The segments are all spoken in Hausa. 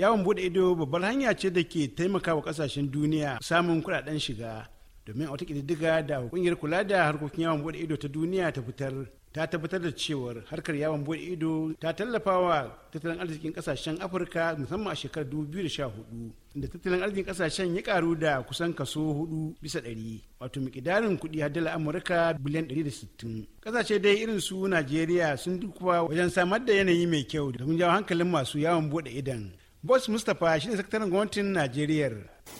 yawon bude ido babbar hanya ce da ke taimakawa kasashen duniya samun kudaden shiga domin a wata ƙididdiga da kungiyar kula da harkokin yawon bude ido ta duniya ta fitar ta tabbatar da cewar harkar yawon bude ido ta tallafa wa tattalin arzikin kasashen afirka musamman a shekarar 2014 inda tattalin arzikin kasashen ya karu da kusan kaso 4 bisa 100 wato mikidarin kudi har dala amurka biliyan 160 kasashe dai irin su najeriya sun dukuwa wajen samar da yanayi mai kyau domin jawo hankalin masu yawon bude idon Boss Mustapha shi ne sakataren gwamnatin Najeriya.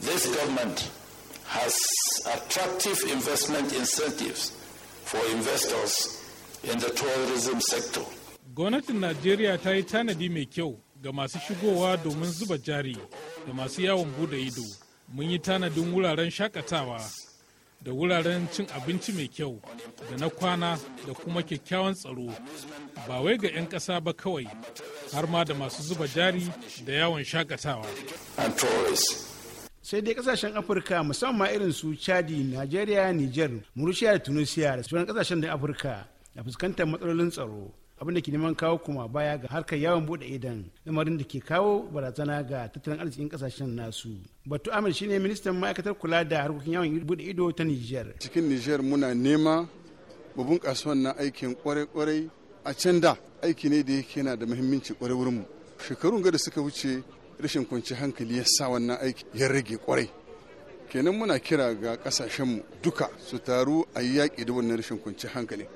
This government has attractive investment incentives for investors in the tourism sector. Gwamnatin Najeriya ta yi tanadi mai kyau ga masu shigowa domin zuba jari da masu yawon bude ido. Mun yi tanadin wuraren shakatawa da wuraren cin abinci mai kyau da na kwana da kuma kyakkyawan tsaro ba wai ga 'yan ƙasa ba kawai har ma da masu zuba jari da yawon shakatawa. sai dai kasashen afirka musamman irin su chadi nigeria niger murushiya da tunisia da sauran kasashen da afirka na fuskantar matsalolin tsaro abin da ke neman kawo kuma baya ga harkar yawon bude idan lamarin da ke kawo barazana ga tattalin arzikin kasashen nasu batu amir shine ministan ma'aikatar kula da harkokin yawon bude ido ta niger cikin niger muna nema babun kasuwan na aikin kwarai-kwarai a can da aiki ne da yake yana da muhimmanci kwarai wurin mu shekarun da suka wuce rashin kwanci hankali ya sa wannan aiki ya rage kwarai kenan muna kira ga kasashen mu duka su taru a yi yaƙi da wannan rashin kwanci hankali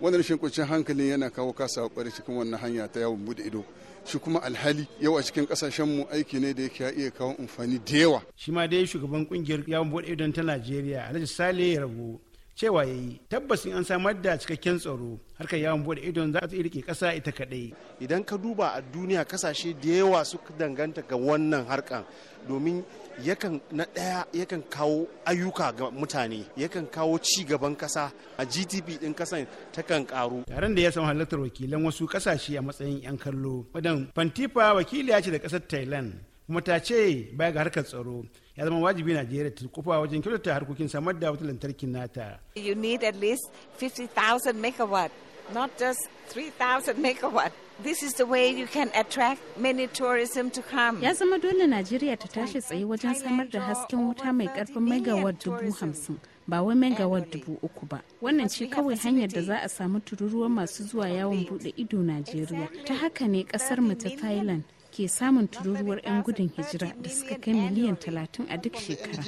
wannan rashin kwanciyar hankali yana kawo kasa kwari cikin wannan hanya ta yawon bude ido shi kuma alhali yau a cikin kasashenmu aiki ne da yake iya kawo amfani da yawa shi ma dai shugaban kungiyar yawon bude idon ta najeriya alhaji sale ya rabu cewa ya yi tabbas an samar da cikakken tsaro harkar yawon bude idon za su rike kasa ita kadai idan ka duba a duniya kasashe da yawa suka danganta ga wannan harkan domin yakan na ɗaya yakan kawo ayyuka ga mutane yakan kawo ci gaban kasa a gdp ɗin kasan takan karu taron da ya samu halartar wakilan wasu kasashe a matsayin 'yan kallo wadan fantifa wakiliya ce da ƙasar thailand kuma ta ce baya ga harkar tsaro ya zama wajibi Najeriya ta kufa wajen kyautata harkokin samar da wutar lantarki nata. You need at least 50,000 megawatt, not just 3,000 megawatt. This is the way you can attract many tourism to come. Ya zama dole Najeriya ta tashi tsaye wajen samar da hasken wuta mai karfin megawatt dubu hamsin. ba wai megawatt dubu uku ba wannan ce kawai hanyar da za a samu tururuwa masu zuwa yawon bude ido najeriya ta haka ne kasar mu ta thailand ke samun tururuwar 'yan gudun hijira da suka kai miliyan 30 a duk shekara.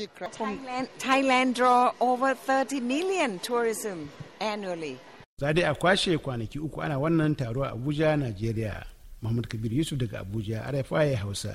Thailand draw over 30 million tourism annually. a kwashe kwanaki uku ana wannan taro a Abuja, Najeriya. Muhammad Kabir Yusuf daga Abuja, RFI Hausa.